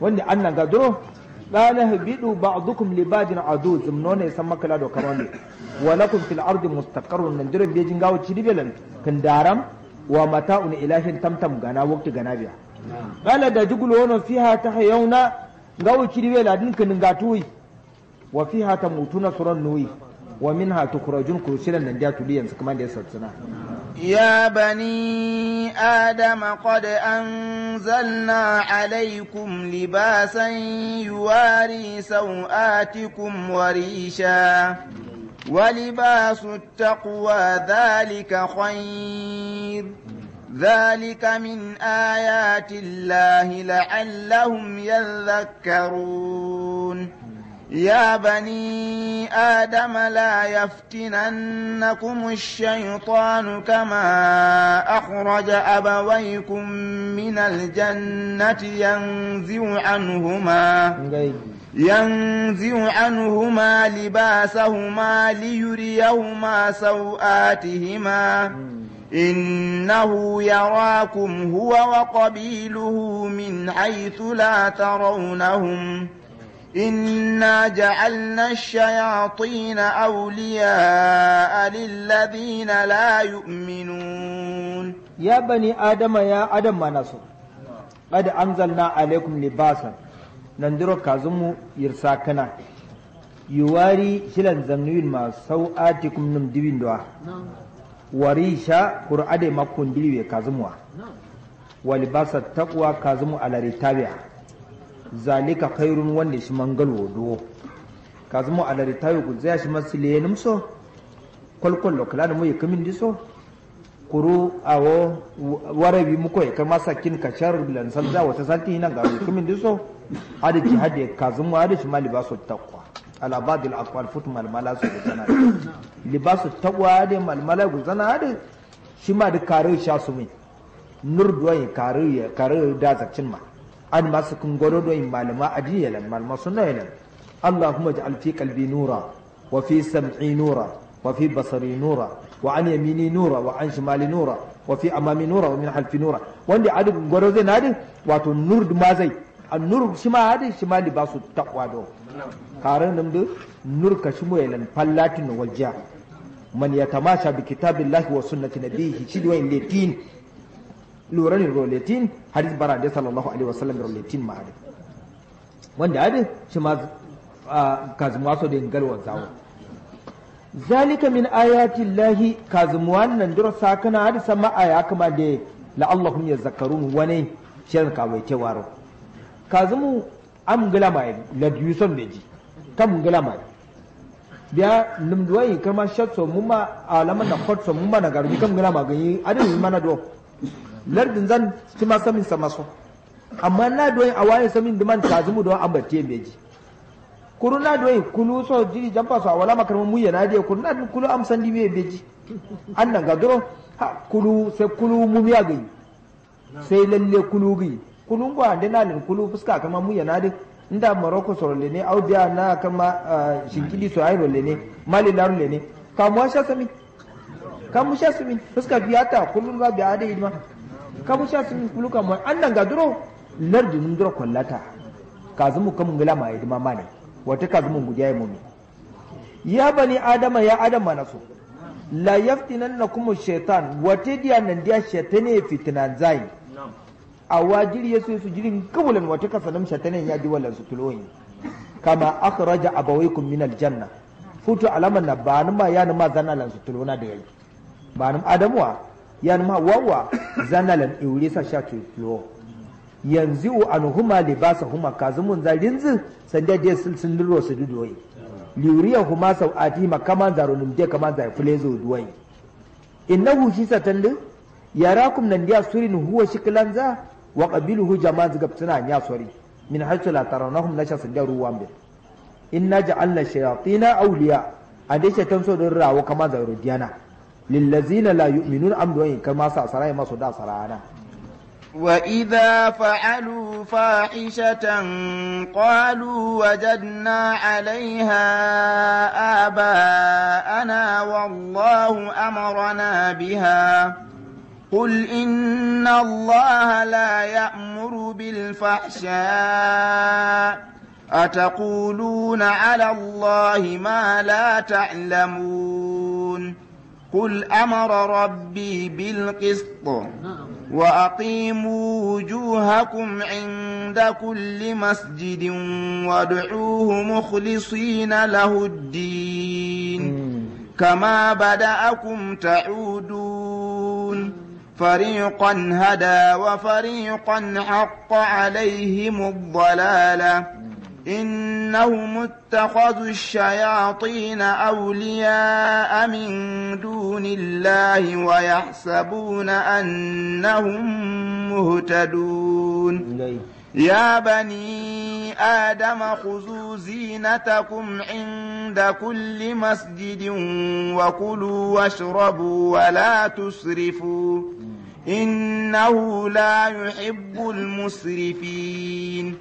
wanda an nan gaduro ɗana habidu ba a zukun libadin adu zumno ne san makala da kamar ne wa lakum fil ardi mustaqarrun nan jiran bejin gawo cidibelan kan daram wa mata'un ilahin tamtam gana wakti gana biya qala da jugulu wono fiha hayauna gawo cidibela din kan ngatuwi wa fiha na suran nuyi wa min minha tukhrajun kursilan nan da tuliyan kuma da sassana. يا بني آدم قد أنزلنا عليكم لباسا يواري سوآتكم وريشا ولباس التقوى ذلك خير ذلك من آيات الله لعلهم يذكرون يا بني آدم لا يفتننكم الشيطان كما أخرج أبويكم من الجنة ينزع عنهما ينزع عنهما لباسهما ليريهما سوآتهما إنه يراكم هو وقبيله من حيث لا ترونهم ۖ إنا جعلنا الشياطين أولياء للذين لا يؤمنون يا بني آدم يا آدم ما نصر قد أنزلنا عليكم لباسا نندرو كازمو يرساكنا يواري شلن زنوين ما سوآتكم نمدوين دوا وريشا قرآن ما دلوية كازموا ولباس التقوى كازمو على رتابعه zalika khairun wanda shi mangal wodo kazumo ala tayo ku zai shi masile numso kolkol lokala mu yakamin diso kuru awo warabi muko ya kai masa kin ka shar lan salda wata salti nan ga yakamin diso adi ki ka zama hada shi mali baso takwa ala badil aqwal futum al da guzana libasu takwa hada mal mala guzana shi ma da kare sha mai nur duwan kare kare da zakcin ma an masu kun gwado do in malama adiyalan malama sunayalan Allahumma ja'al fi qalbi nura wa fi sam'i nura wa fi basari nura wa an yamini nura wa an shimali nura wa fi amami nura wa min halfi nura wanda adi gwado zai nadi wato nur ma zai an nur shi ma adi shi ma su taqwa do karan nan du nur ka shi moyalan fallatin wajja man yatamasha bi kitabillahi wa sunnati nabiyhi shi do in lura ne roletin hadis bara da sallallahu alaihi wasallam roletin ma wanda ya shi ma kazumuwa so da galwa zawo zalika min ayati lahi kazumuwa nan dura sakana hadisa ma aya kama da la'allahum zakarun wani shirin kawai ke waro kazumu am mai la duyuson beji kam mai biya numduwai kama shatso mumma alaman na kwatso mumma na garu kam mai ganyi adin mana do lardin zan ci ma samin sa maso amma na a waye samin duman tazumu do ambate meji kuru na doyi kulu so jiri jampa so wala makarmu mu yana da kuru na kulu am sandi me beji annan ga duro ha kulu sai kulu mu ya gai sai lalle kulu gai kulun ba da na kulu fuska kamar mu yana da inda maroko le ne audiya na kama shinkili so ayi le ne mali le ne kamuwa sha sami kamu sha sami fuska biyata ta kullun ga biya da hidima kabusha sun kuluka mo annan ga duro lardi nun duro kollata kazumu kamun gila ma yidima mane wata mun gudiya mu ya bani adama ya adama na so. la yaftinannakum shaitan wata diya nan diya shaitane fitina zai a wajiri ya su jirin kabulan wata kasanin shaitanin ya ji wallan su kama akhraja abawaykum min aljanna futu alaman na ba ma ya ma zanna lan su tulona da yayi ba adamuwa yani ma wawa zanalan iurisa sha tuyo yanzu an huma libasa huma kazumun za san sanda dai sun liro su dudoyi liuriya huma sau ati ma kaman zaro kaman zai fulezo duwai innahu shi satandu yarakum nan dia surin huwa shiklanza za wa qabiluhu jama'a zgabtuna nya sori min haythu la taranahum la shasan da ruwan bi inna ja'alna shayatina awliya ade shaitan so don rawo kaman zaro diana للذين لا يؤمنون am doyin كما ma ما سدى masu وإذا فعلوا فاحشة قالوا وجدنا عليها آباءنا والله أمرنا بها قل إن الله لا يأمر بالفحشاء أتقولون على الله ما لا تعلمون قل أمر ربي بالقسط نعم. وأقيموا وجوهكم عند كل مسجد وادعوه مخلصين له الدين كما بدأكم تعودون فريقا هدى وفريقا حق عليهم الضلاله إنهم اتخذوا الشياطين أولياء من دون الله ويحسبون أنهم مهتدون يا بني آدم خذوا زينتكم عند كل مسجد وكلوا واشربوا ولا تسرفوا إنه لا يحب المسرفين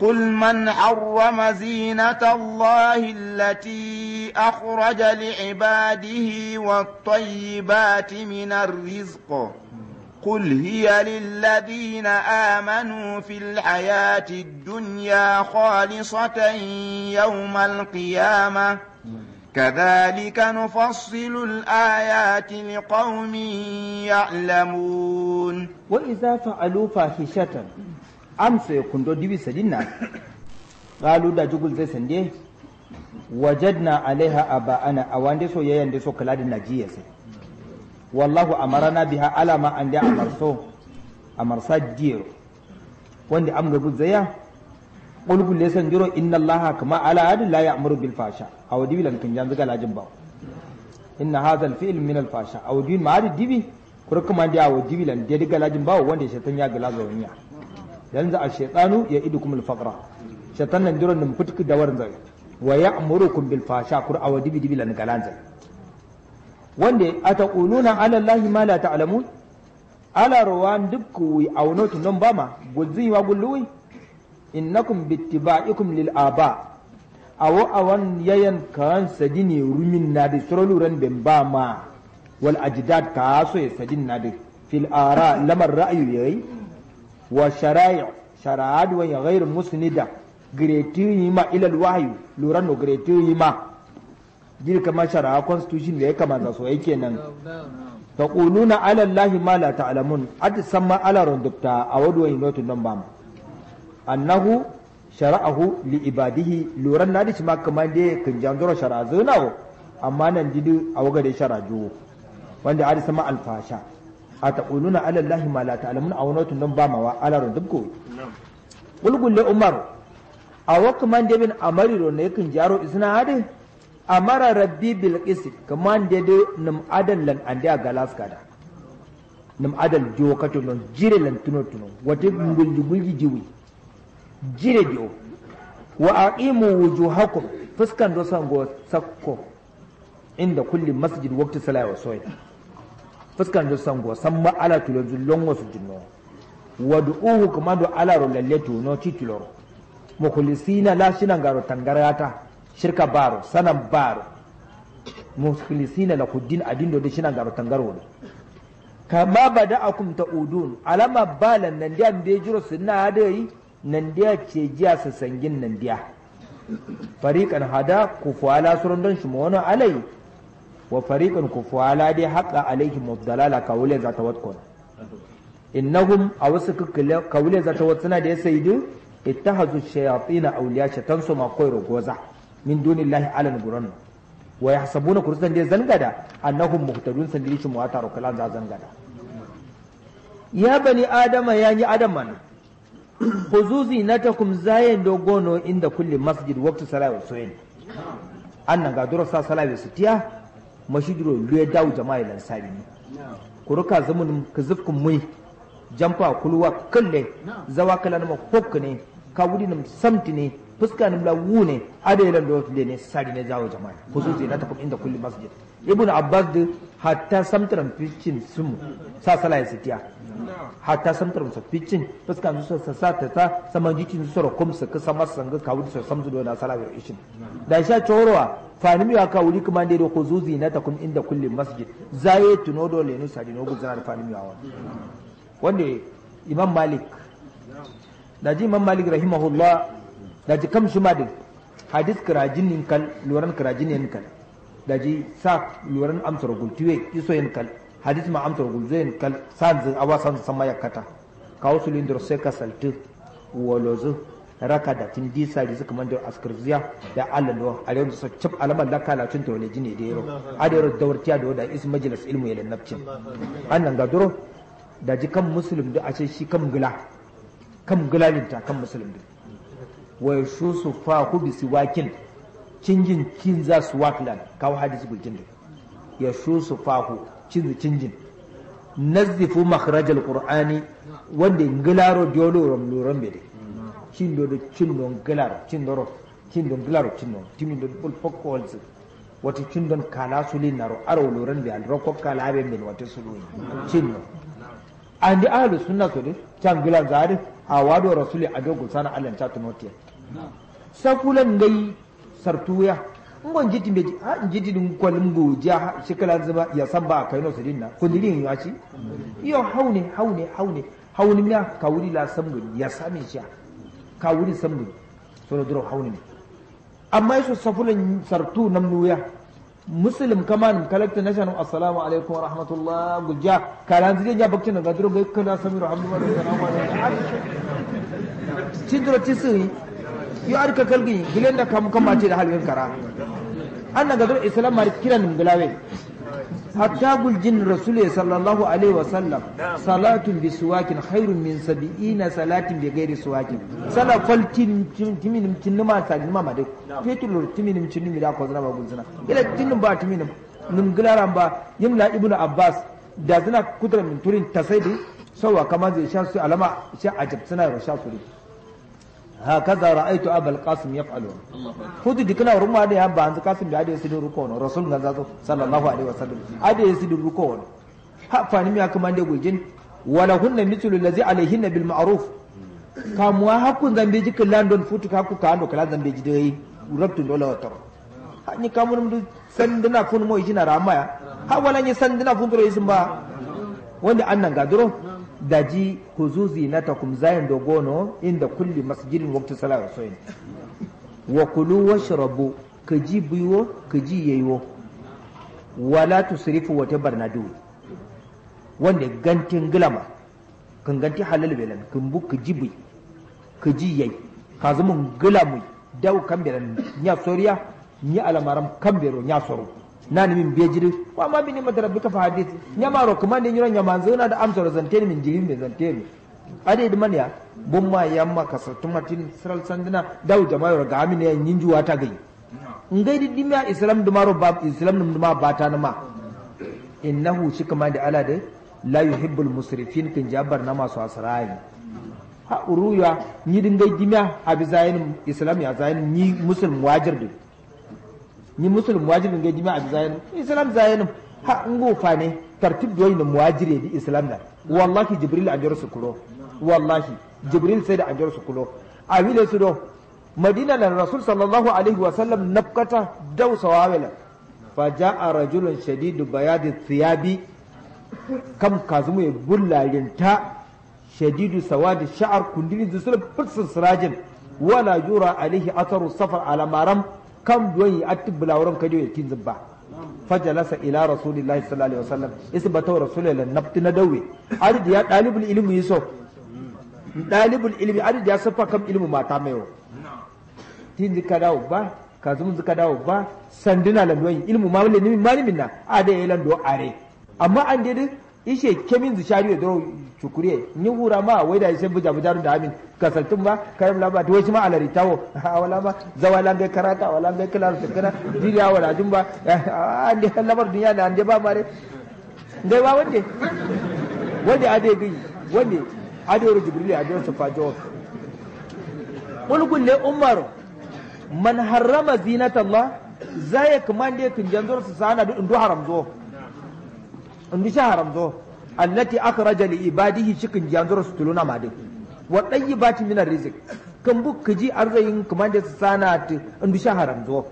قل من حرم زينة الله التي أخرج لعباده والطيبات من الرزق قل هي للذين آمنوا في الحياة الدنيا خالصة يوم القيامة كذلك نفصل الآيات لقوم يعلمون وإذا فعلوا فاحشة أمس يكندو ديبي سجنة قالوا دا جوجل زي سندي وجدنا عليها أباءنا أوان دي سو يين دي سو كلاد نجيس والله أمرنا بها على ما أن أمر سو أمر سجير وان دي أمر زيها qul kul san jiro inna allah kama ala adin la amuru bil fasha a wadi lan kan jan zuga lajin ba inna hadha al fi'l min al fasha a dibi ma adi dibi Kura kuma da a wadi lan de gala lajin ba wanda shaitan ya gala zawanya yanzu al shaytanu ya idu al faqra shaitan nan jiro nan fitku da warin zai wa ya ya'murukum bil fasha kur a wadi bi lan gala zai wanda ataquluna ala allah ma la ta'lamun ala rawan dukku wi awnatu nan bama gudzi wa gulluwi innakum bittiba'ikum lil aba awo awan yayan kan sadini rumin na da soroluran ben ba ma wal ajdad ka so ya sadin na da fil ara lamar ra'ayu yayi wa shara'i shara'ad wa ghayr musnida gretiyi ma ilal wahyu luran no gretiyi ma jir kamar shara'a constitution da ya kamata so yake nan taquluna ala allahi ma la ta'lamun ad samma ala rundukta awadu wa nan ba mu annahu shara'ahu li ibadihi loran na ci ma man dai kan jandura shara'a zunawo amma nan didi a waga da sharaju wanda ari sama alfasha a taquluna ala allahi ma la ta'lamun aw nawtu nan ba mawa ala rundubko gulgul gulgulle umar a waka man dai bin amari ro ne kan jaro isna hade amara rabbi bil qist kaman dai dai nam adal lan andiya galaska da nam adal jo kato jire lan tuno tuno wate gulgi gulgi jiwi biyu wa wujo wujuhakum fuskan do sango sakko inda kulli masjid wakti salati wa soya fuskan do san samma ala tulo jullon wasu jinno wad'uhu kuma do ala rullalle lalle tuno titulo mukhlisina la shinan garo tangarata shirka baro sanan baro mukhlisina la kuddin adin do shinan garo tangaro ne kama bada'akum udun alama balan nan da an bejiro sunna da yi nandiya ce jiya su sangin nandiya fariƙan hada ku fuwala surun don shi wani alai wa fariƙan ku fuwala dai haƙa alaihi mafdalala kawule za ta watkon innahum a wasu kawule za ta watsuna da ya sayi du, ita hazu shayatina auliya shatan su makon ragoza min dunillahi alan guran wa ya sabu na kursan dai zangada annahum muhtadun sandirishin mawata rukulan za zangada ya bani adama ya yi adam mana ta kum zayen dogono inda kulli masjid waqtu salati wa suyin annan ga duro sa su tiya mashidro luye dawo jama'a lan sabi ku ruka zumun kizufkum mu jampa kulwa kalle zawa kala nama hokk ne ka wudi nam samti ne fuska nam la wune adailan do wata ne sari ne zawo jama'a ta kum inda kulli masjid ibnu abbas hatta samtaran ficin sumu sa su tiya Hata samtar sa ficin fuska su sa sa ta ta saman jikin su sura kumsa ka sama sanga ka wuri samzu dona sala bi ishin da sha chorwa fanimi ya ka wuri kuma dai ko zuzi na takum inda kullin masjid zaye tuno dole ne sadi no guzana da fanimi ya wanda imam malik da ji imam malik rahimahullah da ji kam shi madin hadis kirajin kan luran kirajin yankan. da ji sa luran amsar gultiwe iso yankan. hadith ma amtar gulzen kal sanzin awa sanzin sama yakata kawsul indur sai ka saltu wolozu raka da tin disa rizu kaman da askarziya da alalo a yau so cip alaman da kala tun tole jini da yaro adaro dawrtiya da da is majlis ilmu ya lannabci annan ga duro da ji kan muslim da a ce shi kan gula kan ta kan muslim da wa shu su fa ku bi wakin cingin kin za su wakilan kawo hadisi gulkin da ya shu su fa ku cizu cinjin nazifu makhrajal qur'ani wonde ngilaro jolo rom luron bede cindo do cindo ngilaro cindo ro cindo ngilaro cindo timindo bol pokko holse wati cindon kala suli naro aro luron be alro rokko kala be min wati suluyi cindo andi ahlus sunna ko de cangilan zaade a wado rasuli adogo sana alan chatu notiya sakulan ngai sartuya ngo njiti mbeji ha njiti dum ko lim ja ja shikala zaba ya sabba kai no na ko dilin ya ci yo haune haune haune haune miya ka la sambu ya sami sha ka wuri samgo so no dro haune ne amma yaso safulan sartu ya muslim kaman kalakta national assalamu alaikum wa rahmatullah gulja kalan zije ja bakti na gadro ga kana samiru hamdu wa rahmatullah alaikum cidro yu arka kalgi gilenda kam kamati da halin kara na gadur islam mar kiran bilawe hatta guljin rasule sallallahu alaihi wasallam salatun bi suwakin khairun min sab'ina salatin bi ghairi suwakin sala faltin timin tinma salima made fetulur timinim tinmi da ko zana ba gunzana ila tinin ba timin nun gularan ba yimla ibnu abbas da zina kudra min turin tasaidi sawa kama zai sha su alama sha ajab suna ro sha su hakaza ra'aitu abul qasim yaf'alu hudu dikna rumma da yamba an qasim da ya sidin ruko no rasul ganza so sallallahu alaihi wasallam ade sidin ruko no ha fani mi akuma da gujin wala hunna mithlu allazi alaihinna bil ma'ruf kamuwa hakun zambe ji london futu ku ka ando kala zambe ji dai rabtu dola watar hani kamun du sandina kun mo ijina ramaya ha wala ni sandina kun duro isin ba wanda annan gaduro daji huzuzi na takum zayin dogono inda kulli masjidin waktu salar soyin wa kulu shirabu ka ji biyo ka ji yayo wala sirifu wata barnadu wanda gantin gilama kan ganti halal belan kan bu ka ji bi ka ji yayi ka gilamu dau kan belan nya soriya ni alamaram kan bero nya soro nani min bejiri wa amma bi ni'mati rabbika fa hadith nyama ro kuma ni nyuran nyama na da amsa ro zante min jiri me zanteni ade di manya bon ma yamma kasatumatin sral sandina daw jama'a ro ga min yan yinjuwa ta gai ngai di dimya islam duma ro bab islam ma duma bata na ma innahu shi kama da ala da la yuhibbul musrifin kin jabar na masu asrayi ha uruya ni dingai dimya abi zayin islam ya zayin ni muslim wajir din ni musulun wajibin ga jima'a abi zayanum islam zayanum ha ngo ne tartib do ni muwajire bi islam da wallahi jibril ajar su kulo wallahi jibril sai da ajar su kuro awile su do madina lan rasul sallallahu alaihi wa sallam nafkata daw sawawila ja'a rajulun shadidu bayadi thiyabi kam kazumu ya ta shadidu sawadi sha'ar kundini zusul fursun sirajin wala jura alaihi atharu safar ala maram kam doyi atti bulawron kadi e kin zibba fajalasa ila rasulillahi sallallahu alaihi wasallam isbata rasulillah nabti na dawe ardi ya dalibul ilmi yiso dalibul ilmi ardi ya safa kam ilmu mata mayo tin zika dawo ba ka zum zika dawo ba sandina lan doyi ilmu ma wala ni mani minna yi yelan do are amma an dai ishe kemin zu shariyo doro chukuriye ni hura ma waida ishe buja bujaru da amin kasaltun ah, ba karam lamba to shi ma alari tawo wala ma zawa ga karata wala ga kilar fikra diriya wala jin ba an da labar duniya da an ba mare dai ba wande wande ade bi wande ade ro jibril ade ro safa jo kulkun ne umaru man harrama zinata allah zaya kamande tun janzor su sana du haram zo ndi sha haram zo allati akhraja li ibadihi cikin jiyan zo rasulullahi na madin wa tayyibatin min arrizq kan bu kiji arzayin kaman da sana ta ndi sha haram zo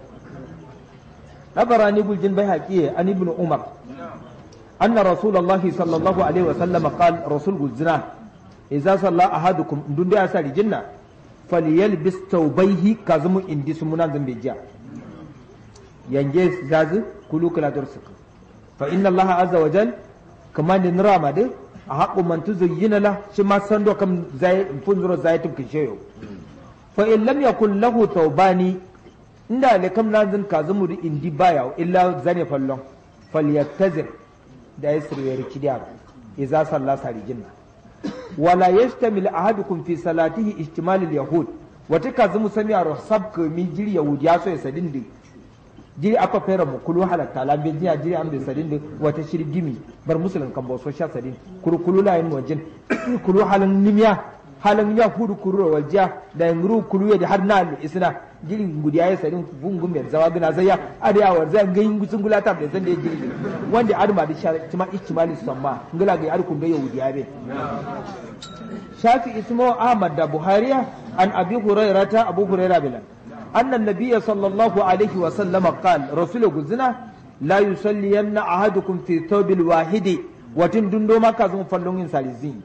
nabarani buljin bai haqi an ibnu umar anna rasulullah sallallahu alaihi wa sallam qala rasul buljina idza salla ahadukum ndun da sa rijinna falyalbis tawbayhi kazmu indi sumuna zambejia yange zazu kulu kala dursuka fa inna allaha azza wa jal kama ni nirama a haqqu man tuzayyina la shi ma sando kam zai funzuro zai tum kisheyo fa in lam yakul lahu tawbani inda ne kam na zan kazumu indi baya illa zane fallon falyattazir da ya sirwe rikidiya idza salla sarijinna wala yashtamil ahadukum fi salatihi ihtimal al yahud wata kazumu sami a rasab ka min jir yahud ya so ya sadin jiri aka fera mu kulu halatta la bi jiya jiri am de sadin de wata shiri gimi bar musulun kan boso sha sadin kulu kulu la yin wajin kulu halan nimiya halan ya hudu kuru wal jiya da ru kulu ya da har na isna jiri gudiya ya sadin bungun me zawa gina zaya adiya war zan ga yin gusun gulata da zan da jiri wanda arma da sha cima ikimali samma ngala ga arkun da yahudi abe shafi ismo ahmad da buhariya an abi hurairata abu hurairah bilan أن النبي صلى الله عليه وسلم قال رسول قزنا لا أن أحدكم في ثوب الواحد وتن دون دوما كازم فلون سالزين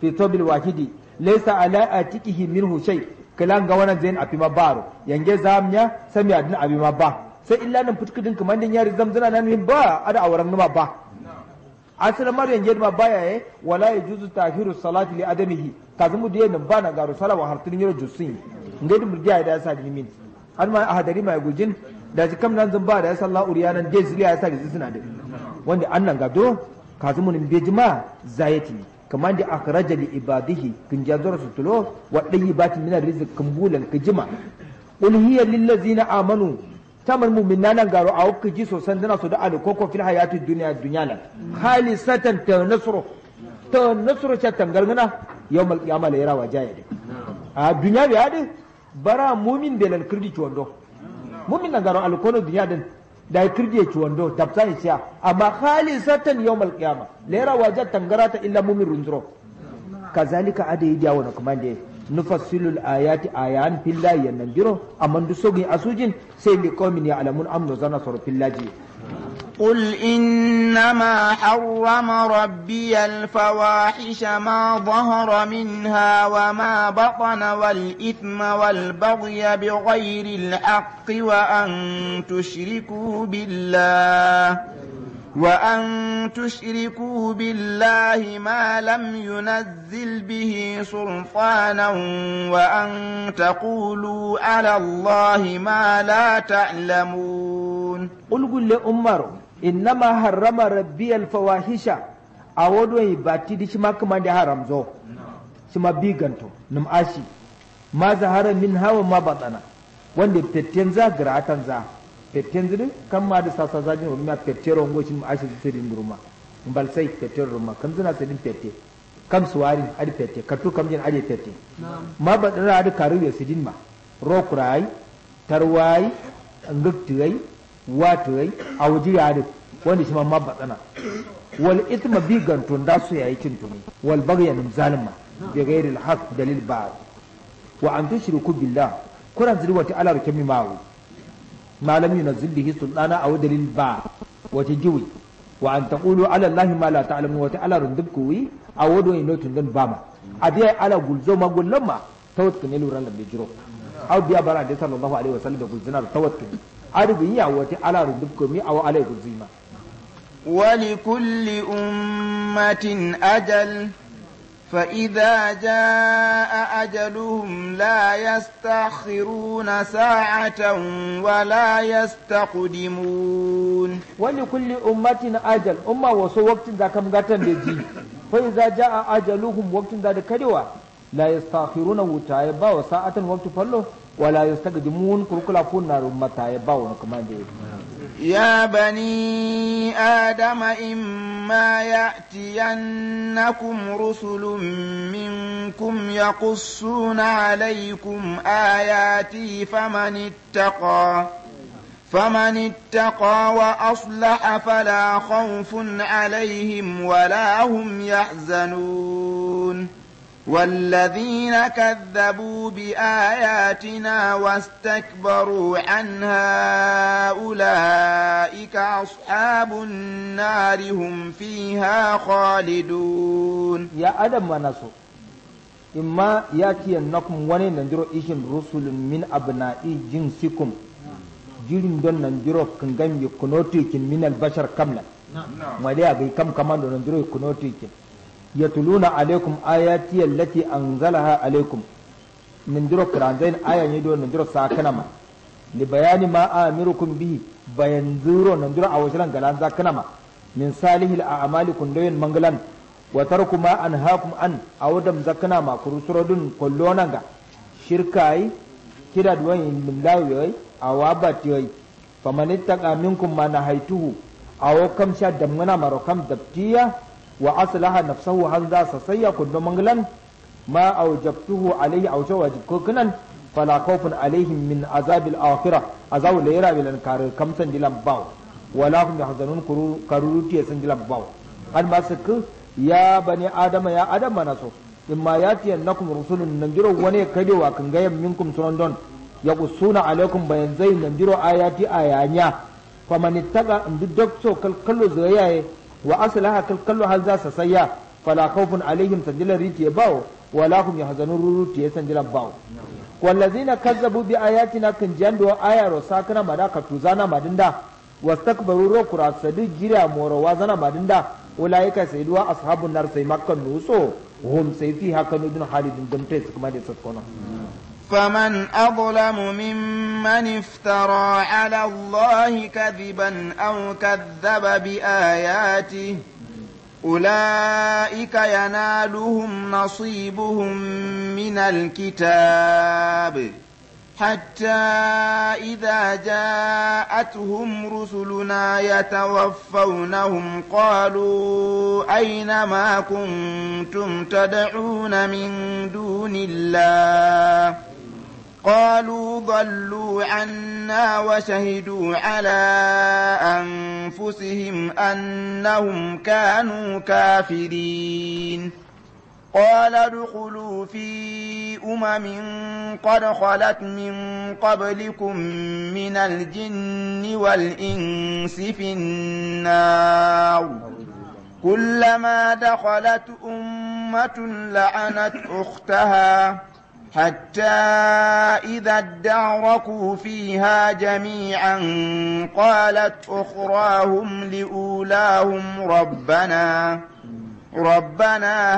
في ثوب الواحد ليس على أتكه منه شيء كلام غوانا زين أبي مبارو ينجي زامنيا سمي أدن أبي مبارو sai illa nan fuskudin kamar din yari zamzana nan min ba ada awaran numa ba asira mar yadda ba ya yi wala yajuzu tahiru salati li adamihi kazumu da nan ba na garu sala wa hartin yaro jusin a murdi da sa limin har ma ahadari mai gujin da ji kam nan zamba da ya salla uriyanan dai zuriya ya sa gizi suna da wanda annan gado kazumun bejima zayati kamar da akhraja li ibadihi kin jazar su tulo wa dayyibatin min arrizq ka kijima qul hiya lil ladzina amanu tamar mu'minna nan garo a ku ji san dana su da alkoko fil hayatid dunya dunyalan khalisatan ta nasru ta tangargana yawmal qiyamah la yara wajaya a ah, dunya bi hadin bara mumin belal kirdi cuwando mumin na garo alkono duniya din da kirdi cuwando tabta ni siya amma khalisatan yawmal qiyama lera tangara tangarata illa mumin runzuro kazalika ada yi jawo na kuma da ayati ayan billahi nan biro amma duk asujin sai ya alamun amnu zana sor fillaji قل إنما حرم ربي الفواحش ما ظهر منها وما بطن والإثم والبغي بغير الحق وأن تشركوا بالله وأن تشركوا بالله ما لم ينزل به سلطانا وأن تقولوا على الله ما لا تعلمون قل قل لأمرهم innama harrama rabbiyal fawahisha awodoi batidi shima kamande haramzo shima biganto num ashi ma zahara min hawa ma batana wanda fetten za gira atan za fetten zini kan ma da sasa za jin rumma shi ngocin ashi sirin rumma bal sai fetten ruma kan zina din fetten kam suwari adi fette katu kam jin adi fetten ma batana adi karu ya sijin ma rokurai tarwai ngaktirai yai, a waje ya rufe wanda shi ma tsana wal itma bi gantun da su yayi tuntuni wal bagya min zalima bi ghairi al haqq dalil ba. wa an tushriku billah kuran zuri wata ala rukmi ma'u malam yunzil bihi sultana aw dalil ba wata jiwi wa an taqulu ala allahi ma la ta'lamu wa ta'ala rundubku wi aw wadu inotun dan ma adiya ala gulzo ma gullama tawakkin luran da bijiro aw biya bara da sallallahu alaihi wasallam da gulzinar tawakkin arigin ya wata alarun duk gomi a wa'alai ma. Wani kulli ummatin ajal fa’iza ja a ajaluhum la ya stakhiru na sa’atan wa la ya stakudimun. Wani kulli ummatin ajal, umma wasu waktin da kam gatan da ji, fa’iza ja a ajaluhum waktin da da karewa la ya na wuta ya sa’atan fallo ولا يستقدمون كركلا فنا متى يباون كمان دي يا بني آدم إما يأتينكم رسل منكم يقصون عليكم آياتي فمن اتقى فمن اتقى وأصلح فلا خوف عليهم ولا هم يحزنون والذين كذبوا بآياتنا واستكبروا عنها أولئك أصحاب النار هم فيها خالدون يا أدم ونسو إما ياتي النقم ونين ننجرو إيشن رسول من أبناء جنسكم jirin دون nan كنغم kan من البشر kunotikin min albashar kamlan wale a gai kam kaman don yatluna alaikum ayati allati anzalaha alaikum nindiro kiranzain aya ne do nindiro sakanama li bayani ma amirukum bihi bayan zuro nindiro a wasu galan zakanama min salihil a'mali kundoyin mangalan wa tarku ma anhaakum an awdam zakanama kurusurodun kollonanga shirkai kida duwan limlawi awabati yoy famanittaqa minkum ma nahaituhu awo kam sha damgana maro kam dabtiya wa aslaha nafsahu hanza sasayya kullu manglan ma awjabtuhu alayhi aw kunan fala khawfun alaihim min azabil akhirah azabu layra bilan kar kamsan dilam baw wala hum yahzanun karuruti san dilam baw an ba suku ya bani adama ya adama naso imma yatiyannakum rusulun nanjiro wane kadewa kan gayan minkum surandon suna alaikum bayan zai nan jiro ayati ayanya taga ittaqa duk dokso zai yaye wa aslaha kalkallu hal za su sayya fala khawfun alaihim sanjilar ritiye bawo wala hum yahzanun rurutiye ba bawo wallazina kazzabu bi ayatina kan jando aya ro sakana madaka tuzana madinda wastakbaru ro kura sadu jira moro wazana madinda ulaika sayduwa ashabun nar sai makkan nuso hum sai fi dun halidun gamte su kuma da sakkona فمن أظلم ممن افترى على الله كذبا أو كذب بآياته أولئك ينالهم نصيبهم من الكتاب حتى إذا جاءتهم رسلنا يتوفونهم قالوا أين ما كنتم تدعون من دون الله قالوا ضلوا عنا وشهدوا على أنفسهم أنهم كانوا كافرين قال ادخلوا في أمم قد خلت من قبلكم من الجن والإنس في النار كلما دخلت أمة لعنت أختها حتى إذا ادعركوا فيها جميعا قالت أخراهم لأولاهم ربنا ربنا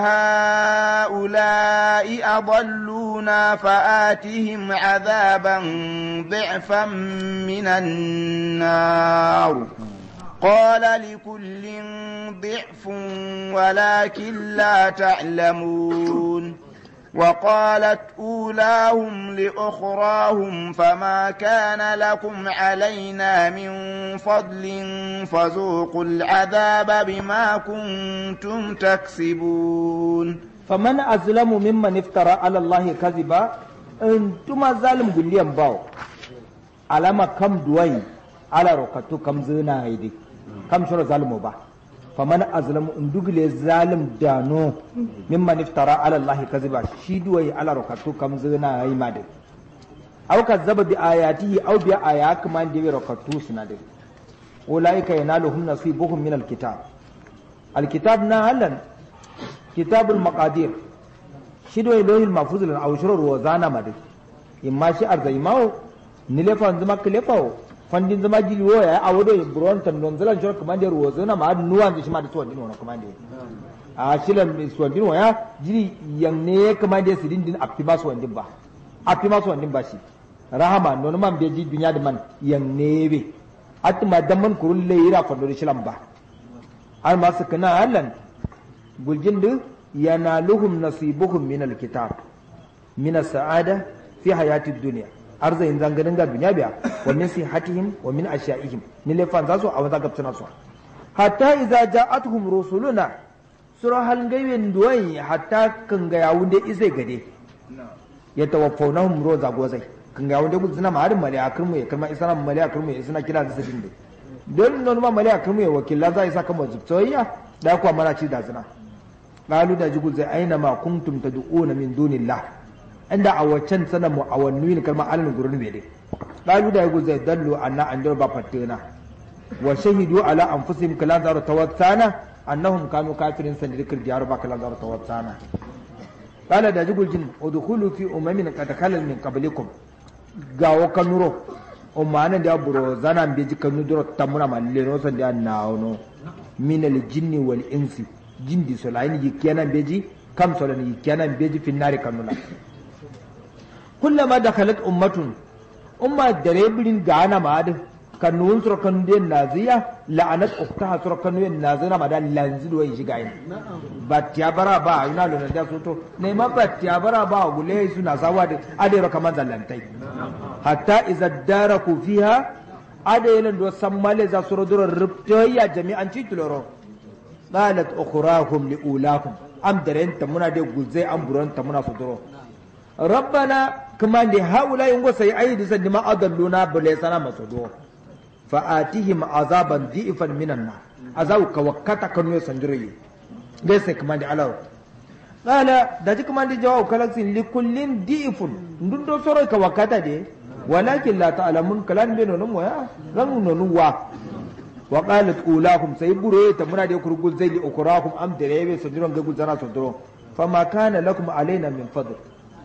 هؤلاء أضلونا فآتهم عذابا ضعفا من النار قال لكل ضعف ولكن لا تعلمون وقالت أولاهم لأخراهم فما كان لكم علينا من فضل فذوقوا العذاب بما كنتم تكسبون فمن أظلم ممن افترى على الله كذبا أنتم ظالم قليم باو على ما كم دوين على ركتو كم زنا هيدي كم شر ظالموا با faman azlamu in zalim dano mimman iftara ala allahi kaziba shi duwaye ala rakatu kam zina yi ma da aw kazzaba bi ayatihi aw bi ayatik man dewe rakatu suna ulai ka yanaluhum nasibuhum min alkitab alkitab na halan kitabul maqadir shi duwaye lohil mafuzul aw wa zana ma imma shi arzai mau ni zuma kilefawo fandinzima jili wo ya awodo buron tan non zalan jor commander ruwa zona ma nuwan ji shima da tuwan dinu na commander a shilan suwan dinu ya jili yanne ya commander su din din afima suwan din ba afima suwan din ba shi rahama non man be ji dunya da man yanne be atima da daman kurun le ira fa dori shilan ba har ma su kana halan buljin yana luhum nasibuhum min alkitab min saada fi hayati dunya arzayin zanganin ga duniya biya wa min sihatihim wa min ashaihim ni le fan zasu a wata gabtana su hatta idza ja'atuhum rusuluna sura hal gaywen duwan hatta kan ga yawu da isai gade ya tawaffawnahum roza gozai kan ga yawu da gudu suna mali mala'ikar mu ya kama isana mala'ikar mu ya suna kira da sabin da don nan ma mala'ikar mu ya wakilla za isa kan wajibtoyya da kuwa mana ci da zina qalu da jigu zai aina ma kuntum tad'una min dunillah inda a wancan sanar mu a awannu yin kalmar alin gurin bede ɗalu da ya ya zai a anna an ba fatina wa shahidu ala anfusihim kalan ta tawassana annahum kanu kafirin san dikir diyar ba kalan zaru tawassana ɗala da jigul jin udkhulu fi umamin qad khalal min ga wa kanuro o maana da buro zana be jikanu duro tamuna malle no san da naono min al jinni wal insi jindi so laini yikena beji kam so laini yikena beji finnari kanuna kullama kalat ummatun umma darebrin gana maad kanun sur kanun naziya la'anat uktaha sur kanun den nazira madan wai shiga yin batya bara ba ina lo da soto ne ma batya bara ba gule suna sawa da adero kaman zallantai hatta idza daraku fiha adaylan do sammale za suro durar rubtoyya jami'an tituloro qalat ukhrahum liulakum am darenta muna da guzai an buranta muna suduro rabbana kuma da haula yin gosa ya ayi san dima adalluna bale sana masudo fa atihim azaban dhi'fan minan nar azaw ka wakata kanu ya yi. dai sai kuma da alaw qala da ji kuma da jawab kalaksin li kullin dhi'fun ndun do soro ka wakata de walakin la ta'lamun kalan be nonon waya, ran nonon wa wa qalat ulahum sai bure ta muna da kurgul zai li ukurakum am da yabe sanjiron ga guzara sanjiron fama kana lakum alaina min fadl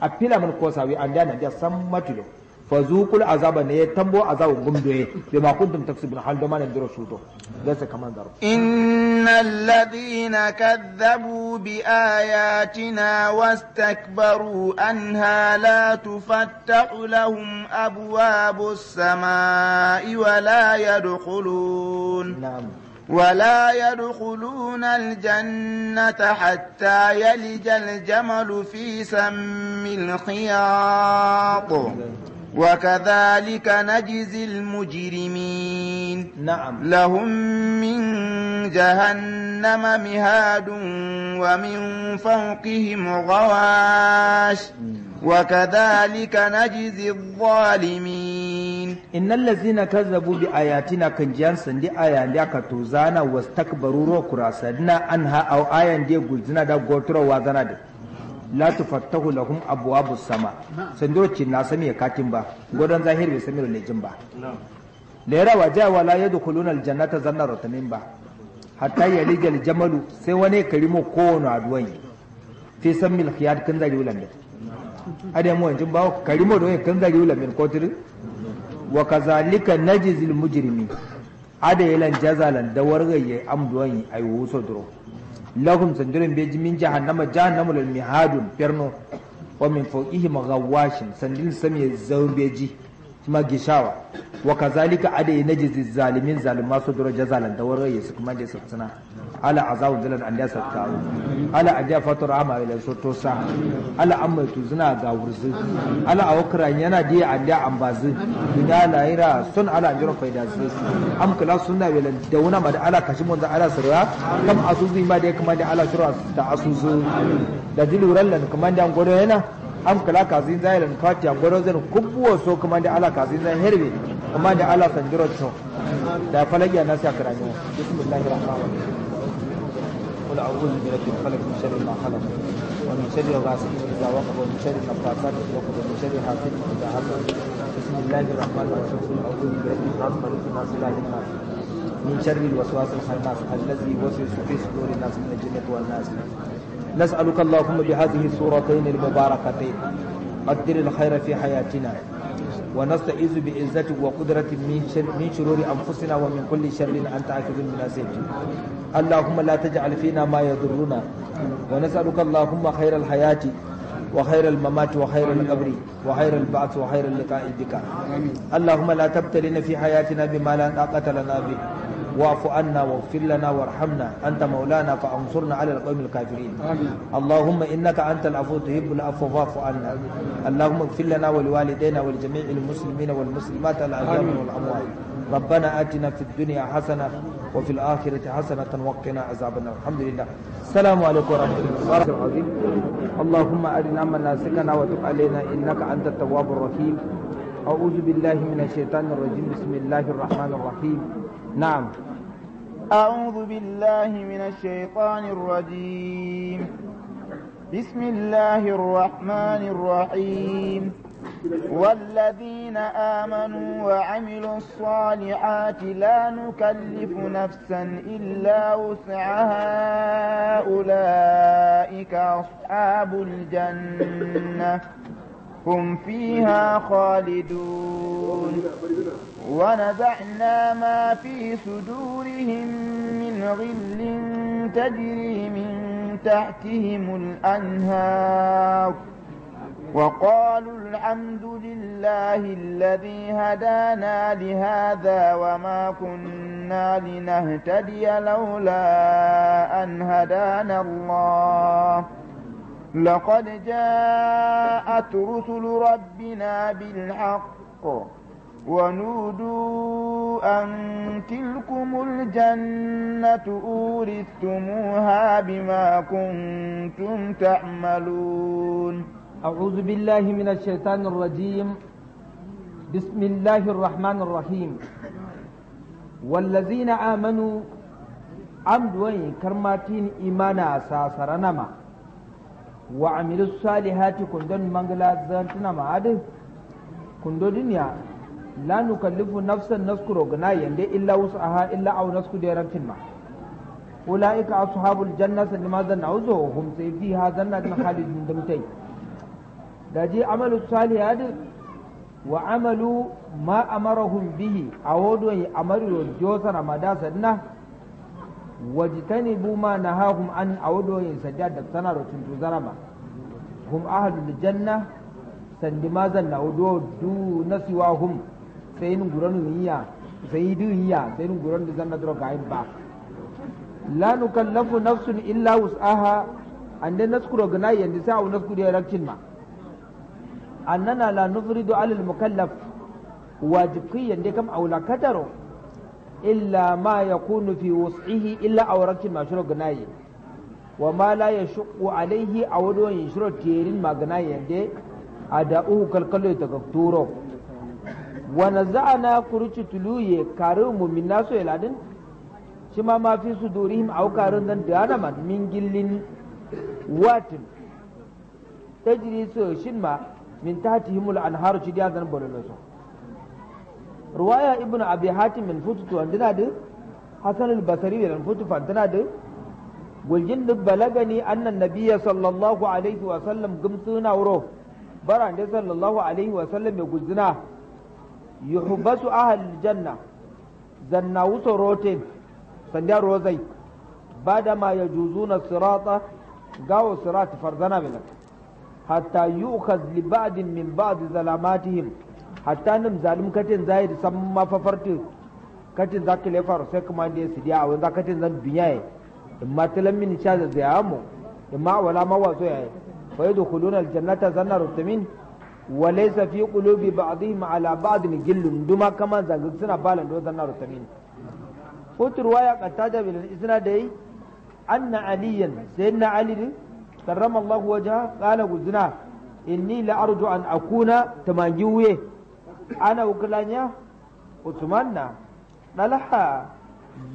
a pila man ko sawi an dana dia sammatulo fa zuqul azaba ne tambo azabu gumbe be ma kuntum taksibun hal do man diro shuto da sa kaman daro innal ladina kadzabu bi ayatina wastakbaru anha la tufattahu lahum abwabus samai wa la yadkhulun na'am ولا يدخلون الجنة حتى يلج الجمل في سم الخياط وكذلك نجزي المجرمين نعم لهم من جهنم مهاد ومن فوقهم غواش وكذلك نجزي الظالمين إن الذين كذبوا بآياتنا كان جانسن دي آيان دي كتوزانا واستكبروا رو كراسدنا أنها أو آيان دي قلتنا دا قلترا وازنا دي la tufattahu lahum abwabu sama sandoro na sami ya katin ba godon zahir bai sami lejin ba da ya rawa jawa la yadkhuluna aljannata zanna ratamin ba hatta yalija aljamalu sai wani karimo kowane aduwan fi sammil khiyar kan zari wulan da ada mo njin bawo karimo do kan gari wala min kotir wa kazalika najzil mujrimi ada yalan jazalan da wargaye amduwan ay wuso duro lahum sandurin be jimin jahannama jahannamu lil mihadun perno wa min fawqihi maghawashin sandin sami zawun kuma gishawa wa kazalika ada najzil zalimin zalima so duro jazalan da warayye su kuma je su tsana ala azawu jalan an dasa ta'u ala a adiya fatar ama ila to sa ala amma tu zina ga wurzi ala a awkran yana diya adiya an bazu da laira sun ala jiran faida su am na sunna da wuna ma da ala kashi mun wanda ala sirra kam asuzi ma da ya kamar da ala shura ta asuzu da diluran lan kuma da godo yana am kala kazin zailan fatiya godo zan kubuwa so kuma da ala ka kazin zan herbe kuma da ala san jiran cho da falagiya na sa karani bismillahir rahmanir rahim قل اعوذ برب الفلق من شر ما خلق ومن شر غاسق اذا وقب ومن شر النفاثات اذا العقد ومن شر حاسد اذا حسد بسم الله الرحمن الرحيم قل اعوذ برب الناس ملك الناس اله الناس من شر الوسواس الخناس الذي يوسوس في صدور الناس من الجنه والناس نسالك اللهم بهذه السورتين المباركتين قدر الخير في حياتنا ونستعيذ بعزته وقدرته من شر من شرور انفسنا ومن كل شر انت عاكف من نسيت اللهم لا تجعل فينا ما يضرنا ونسالك اللهم خير الحياه وخير الممات وخير القبر وخير البعث وخير اللقاء بك اللهم لا تبتلنا في حياتنا بما لا طاقه لنا به واعف عنا واغفر لنا وارحمنا أنت مولانا فأنصرنا على القوم الكافرين اللهم إنك أنت العفو تهب العفو فاعف عنا اللهم اغفر لنا ولوالدينا ولجميع المسلمين والمسلمات الأحياء والأموات ربنا آتنا في الدنيا حسنة وفي الآخرة حسنة وقنا عذاب النار الحمد لله السلام عليكم ورحمة الله وبركاته اللهم أرنا مناسكنا وتب علينا إنك أنت التواب الرحيم أعوذ بالله من الشيطان الرجيم بسم الله الرحمن الرحيم نعم أعوذ بالله من الشيطان الرجيم بسم الله الرحمن الرحيم والذين آمنوا وعملوا الصالحات لا نكلف نفسا إلا وسعها أولئك أصحاب الجنة هم فيها خالدون ونزعنا ما في صدورهم من غل تجري من تحتهم الأنهار وقالوا الحمد لله الذي هدانا لهذا وما كنا لنهتدي لولا أن هدانا الله لقد جاءت رسل ربنا بالحق ونودوا أن تلكم الجنة أورثتموها بما كنتم تعملون أعوذ بالله من الشيطان الرجيم بسم الله الرحمن الرحيم والذين آمنوا عمدوين كرماتين إيمانا ساسرنما wa amiru salihati kundon mangala zantuna ma'adin kundo duniya la nukallifu nafsan naskuro gana yande illa wasu aha illa au nasku da yarantin ma ulaika ashabul janna sun ma zanna uzo hum sai fi ha zanna din khalidun dumtai da je amalu salihati wa amalu ma amarahum bihi awodo yi amaru josana madasa dinna bu ma hum an yin sajjad da tana rocin tu zarama hum da janna sandi mazan na wudo du nasiwa hum sai nun guran yiya sai du yiya sai yin guran da zanna ga gaib ba la nukallafu nafsun illa wus'aha an da naskuro gana yanda sai au naskuro ya rakcin ma annana la nufridu alal mukallaf wajibiyan da kam aula kadaro ilma ya kunu filu wasu ihi ila aurekin ma shiro ganaye wamala ya shigbo a lihi awa dokin shiro teri ma ganaye da adaka ta tafturo wani za'a na kuri cutulu ya karu mummina su ya ladin shima mafi su dole aiki karun nan da adama mingin watin da jirgin su ma minti a cikinmu al'adu رواية ابن أبي حاتم من فوتو تواندنا دي حسن البصري من فوتو فانتنا دي والجند بلغني أن النبي صلى الله عليه وسلم قمتنا ورو بران دي صلى الله عليه وسلم يقول يقولنا يحبس أهل الجنة زنا وسروتين سنجا روزي بعدما يجوزون الصراط قاو الصراط فرزنا منك حتى يؤخذ لبعض من بعض ظلاماتهم hatta nan zalim katin zai da san mafafarti katin za ki lefa sai kuma da su diya wanda katin zan duniya ya imma tilan min sha da zayamu ma wala ma wazo ya fa yadkhuluna aljannata zanna rutamin wa laysa fi qulubi ba'dihim ala ba'din gillun duma kama zanga suna balan do zanna rutamin uturwa ya qatada bil isna dai anna aliyan sayyidina ali karramallahu wajha qala guzna inni la arju an akuna tamangiwe ana ukulanya usmanna dalha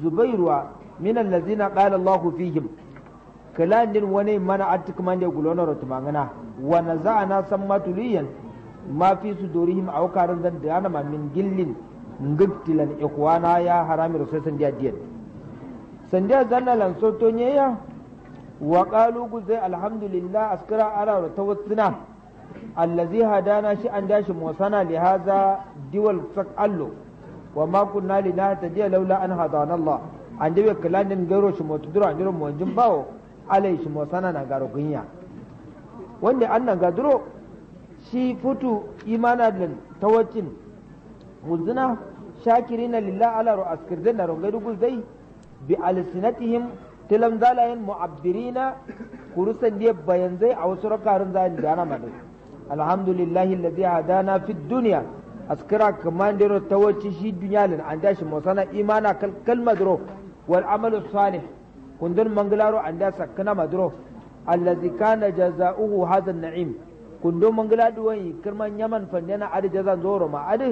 zubairwa min allazina qala allah fihim kalandin wani mana atik mande gulona rotumangana wa na sammatuliyan ma fi sudurihim aw karan zan dana ma min gillin ngiktilan ikhwana ya harami rasul sandiya diyan sandiya zanna lan soto ya? wa qalu guzai alhamdulillah askara ara tawassuna allazi hadana shi an dashi musana li hadha diwal allo wa ma kunna linahtadiya laula an hadana Allah an dibe kalanin garo shi motudura an jiro monjin bawo alai shi musana na garo gunya wanda annan gaduro shi futu imana da tawacin muzina shakirina lillah ala ru'askirdan na rungaidu guzdai bi alsinatihim tilam zalayin mu'abbirina kurusan diye bayan zai a wasu rakarun zai da na madai alhamdulillahi alladhi hadana fid dunya askira kamandiro tawaci shi dunyalin an dashi mosana imana kal kal kalmadro wal amalu salih kundun manglaro an da sakkana madro alladhi kana jazaohu hadha an-na'im kundo mangla duwan kirman yaman fannena adi jazan zoro ma adi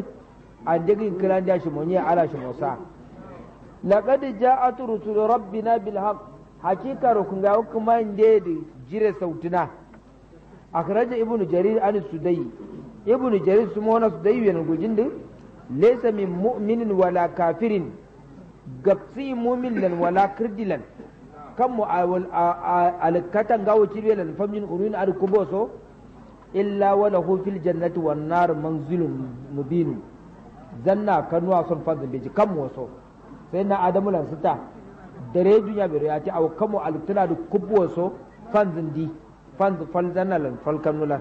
an digin kiran da shi moni ala shi musa laqad ja'at rusul rabbina bil haqq hakika rukun ga hukuman da jire sautina أخرج ibnu jarir عن السدي ibnu jarir su mona sudayi yana gujin din laysa min mu'minin wala kafirin gabsi mu'min lan wala kirdilan kan mu alkatan gawo cirwe lan famjin urun ar kuboso illa wala hu fil jannati wan zanna kanuwa son beji kan sai na adamu lan dare duniya bai bi a aw kamu alktana da kuboso fanzin di fand fal zanalan fal la,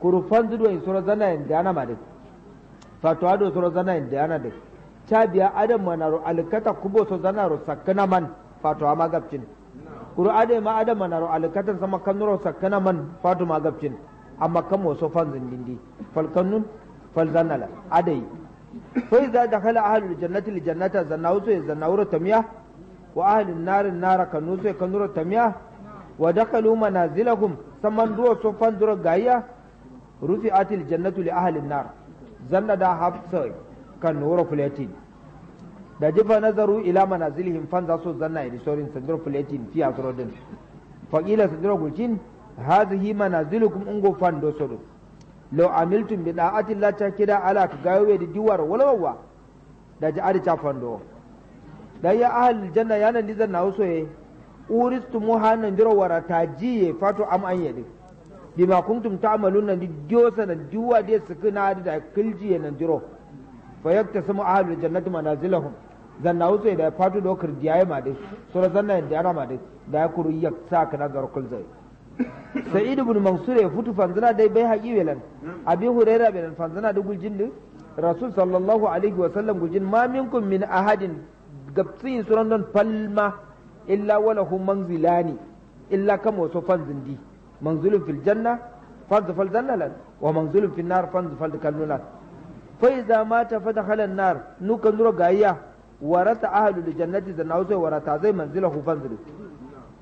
kuru fandu do sura zana en dana made to ado sura zana en dana de tabiya adam manaro alkata kubo so zanaro sakana man fato ama gabcin kuru ade ma adam manaro alkata sama kamnuro sakana man fato ma gabcin amma kamo so fanzin dindi fal kanu fal zanala adai fa idza dakhala ahlul jannati al jannata zanawsu zanawru tamiya wa ahlun nar an-nar kannusu kannuru tamiya wa dakalu manazilahum saman duwa در غايا gayya rufi atil النار li ahalin nar zanna da hafsa kan da jifa nazaru ila manazilihim fan za su zanna idi sorin sandur fulatin fi asrodin faqila sandur gulcin hadhihi kuma ungo fan do sodo Lo amiltum bi da'ati la kida ala ka gawe da diwar da ta da ya ahal janna yana nizan na usoye uristu muhanna ndiro wara ta jiye fato am an bi ma kuntum ta'maluna ndi diosa na duwa de na da kiljiye na ndiro fa yaktasamu ahlul jannati manazilahum zanna wuce da fatu da okar diyaye ma dai da zanna da ana ma dai da ya kuru ya sa ka na garkul zai sa'id ibn mansur ya e futu fanzana dai bai haqi welan abi hurairah belan fanzana da guljin din rasul sallallahu alaihi wa sallam guljin ma minkum min ahadin gabtsin suran don palma illa walahu manzilani illa kama wasu fanzin di manzulun fil janna fanzu fal zallalan wa manzulun fil nar fanzu fal kallulan fa idza mata fa dakhala an-nar nuka nura gayya warata ahlul jannati zanawsa warata zai manzilahu fanzulu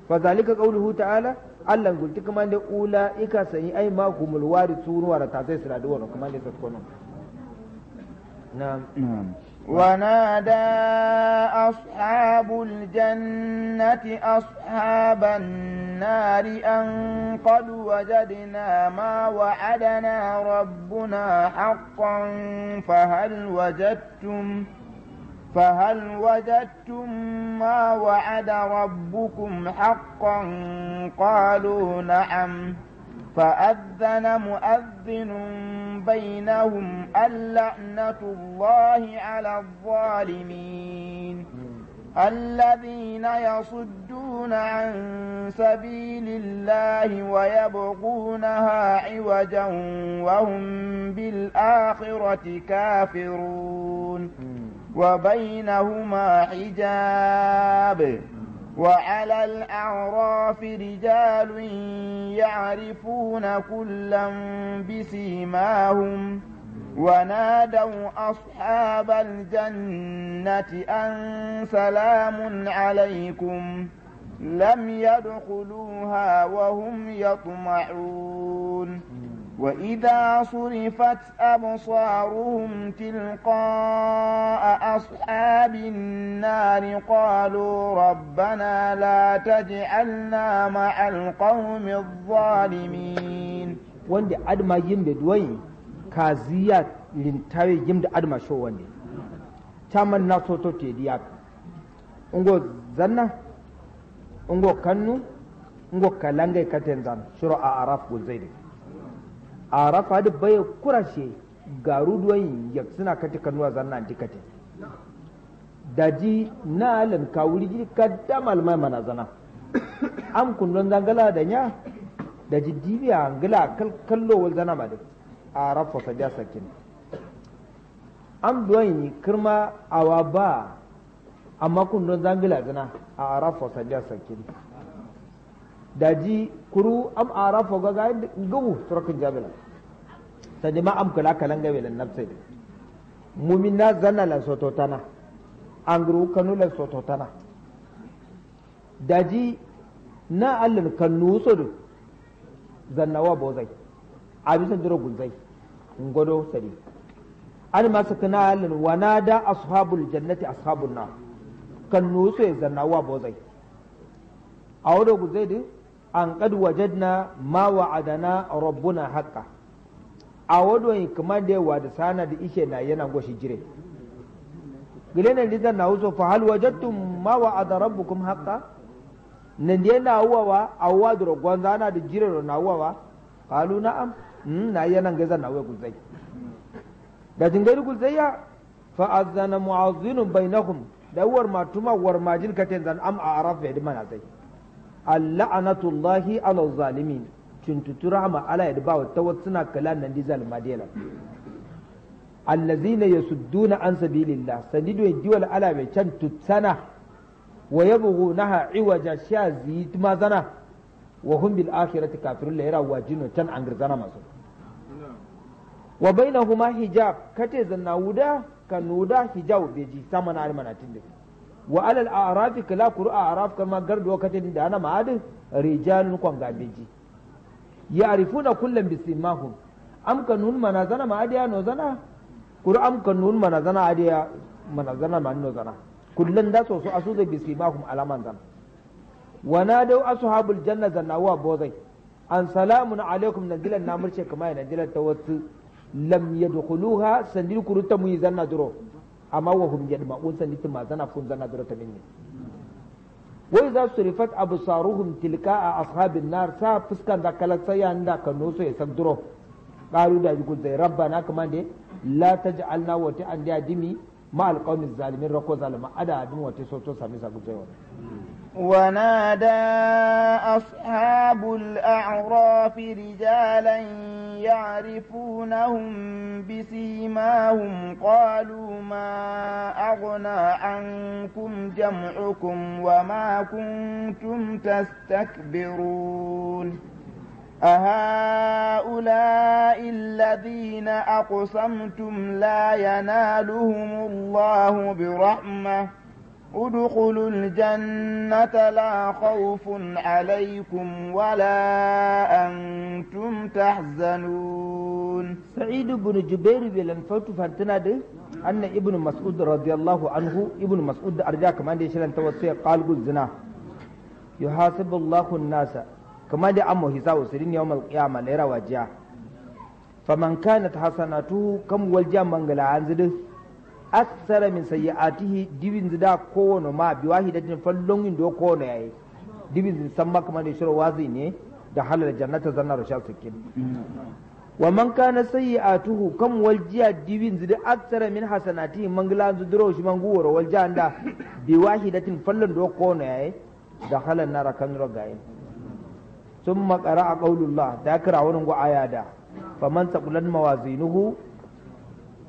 fa zalika qawluhu ta'ala Allah gulti kuma da ula ika sai ai ma kumul wari zai wa kuma ونادى أصحاب الجنة أصحاب النار أن قد وجدنا ما وعدنا ربنا حقا فهل وجدتم فهل وجدتم ما وعد ربكم حقا قالوا نعم فأذن مؤذن بينهم اللعنة الله على الظالمين الذين يصدون عن سبيل الله ويبغونها عوجا وهم بالآخرة كافرون وبينهما حجاب وعلى الأعراف رجال يعرفون كلا بسيماهم ونادوا أصحاب الجنة أن سلام عليكم لم يدخلوها وهم يطمعون وإذا صرفت أبصارهم تلقاء أصحاب النار قالوا ربنا لا تجعلنا مع القوم الظالمين وند أدما يمد دوين كازيات لنتاوي يمد أدما شو وند تامن ناسو توتي دياب ungo zanna ungo kannu ungo kalangai katen شروع أعرف a a rafa da baya kurashe garu ruduwan ya suna kati kanuwa zanna anti kati daji na alan ka wuri ji ka damal mai mana zana am kundon zangala da nya daji dibiya angala kal kallo wal zana ma da a rafa ta da sakin am duwan yi kirma awa ba amma kundon zangala zana a rafa ta da sakin daji kuru am arafa ga ga gubu surakin jabila tani ma am kala kalanga wele Mumin na zanna la sototana angru kanu la sototana daji na allin kannu sodu zannawa bozai abisan duro gunzai ngodo sadi an ma sakana allin wanada ashabul jannati ashabun na, kannu so zannawa bozai a wado guzai din an kad wajadna ma wa'adana rabbuna haqqan da yawa da sana da ishe na yana goshi jire gilene lida na wuzo fa hal mawa a da rabbukum haka nan dia na uwawa awwa duro gwanza zana da jire na uwawa na am na yana gaza na uwa hmm, gulzai da dingari gulzai ya fa azana mu'azinu bainahum da war matuma war majil katin zan am a arafa da manazai allanatullahi ala zalimin kintutu rahma ala ya ta wasu suna kala nan dizal madela allazina yasudduna an sabilillah sanidu diwal ala be can tutsana wa yabghunaha iwaja shazi mazana wa hum bil akhirati kafirun la yarawa jinu can an masu wa bainahuma hijab kate zanna wuda kanuda hijab beji samana almanatin dinka wa alal a'rafi kala kuru a'raf kama gardu wakati da ana ma'adin rijalun be gabeji ya'rifuna kullam bisimahum am kanun manazana ma adiya no zana am kanun manazana adiya manazana ma no zana kullun da so alaman zana wa nadaw ashabul janna zannawa bozai an salamun alaikum nazilan na murce kama ya nazilan ta wasu lam yadkhuluha sandil kuruta mu zanna duro amma wa sanditin ma zana duro ta wai za su rifat abu saruhun tilka a ashabin nar sa fuskan da kalatsa ya da ka noso ya san duro ƙaru da yi guzai rabba na kama da la ta ji alna wata an dimi ma alqawmi zalimin rako zalima ada adun wata soto sami sa gujewa ونادى أصحاب الأعراف رجالا يعرفونهم بسيماهم قالوا ما أغنى عنكم جمعكم وما كنتم تستكبرون أهؤلاء الذين أقسمتم لا ينالهم الله برحمة ادخلوا الجنة لا خوف عليكم ولا أنتم تحزنون سعيد بن جبير بن فوتو فانتنا أن ابن مسعود رضي الله عنه ابن مسعود أرجاك ما عندي شلن توسيق قال قل زنا يحاسب الله الناس kamar da amma wa sirin yau qiyamah la yara wajiya faman hasana hasanatu kam walja mangala zidin aksara min sayi sayyi'atihi dibin zida kowane ma bi wahidatin fallon yin kowane ya yi dibin zin san maka man shiro wazi ne da halar jannata zanar rasha sukin wa man kana sayyi'atuhu kam waljiya dibin zida aksara min hasanatihi mangala an zidiro shi mangu woro walja anda bi wahidatin fallon do ya yi, da halar nara kan rogayin sun makara a ƙaunullah ta kira wurin gwa aya da faman taƙulan mawazinuhu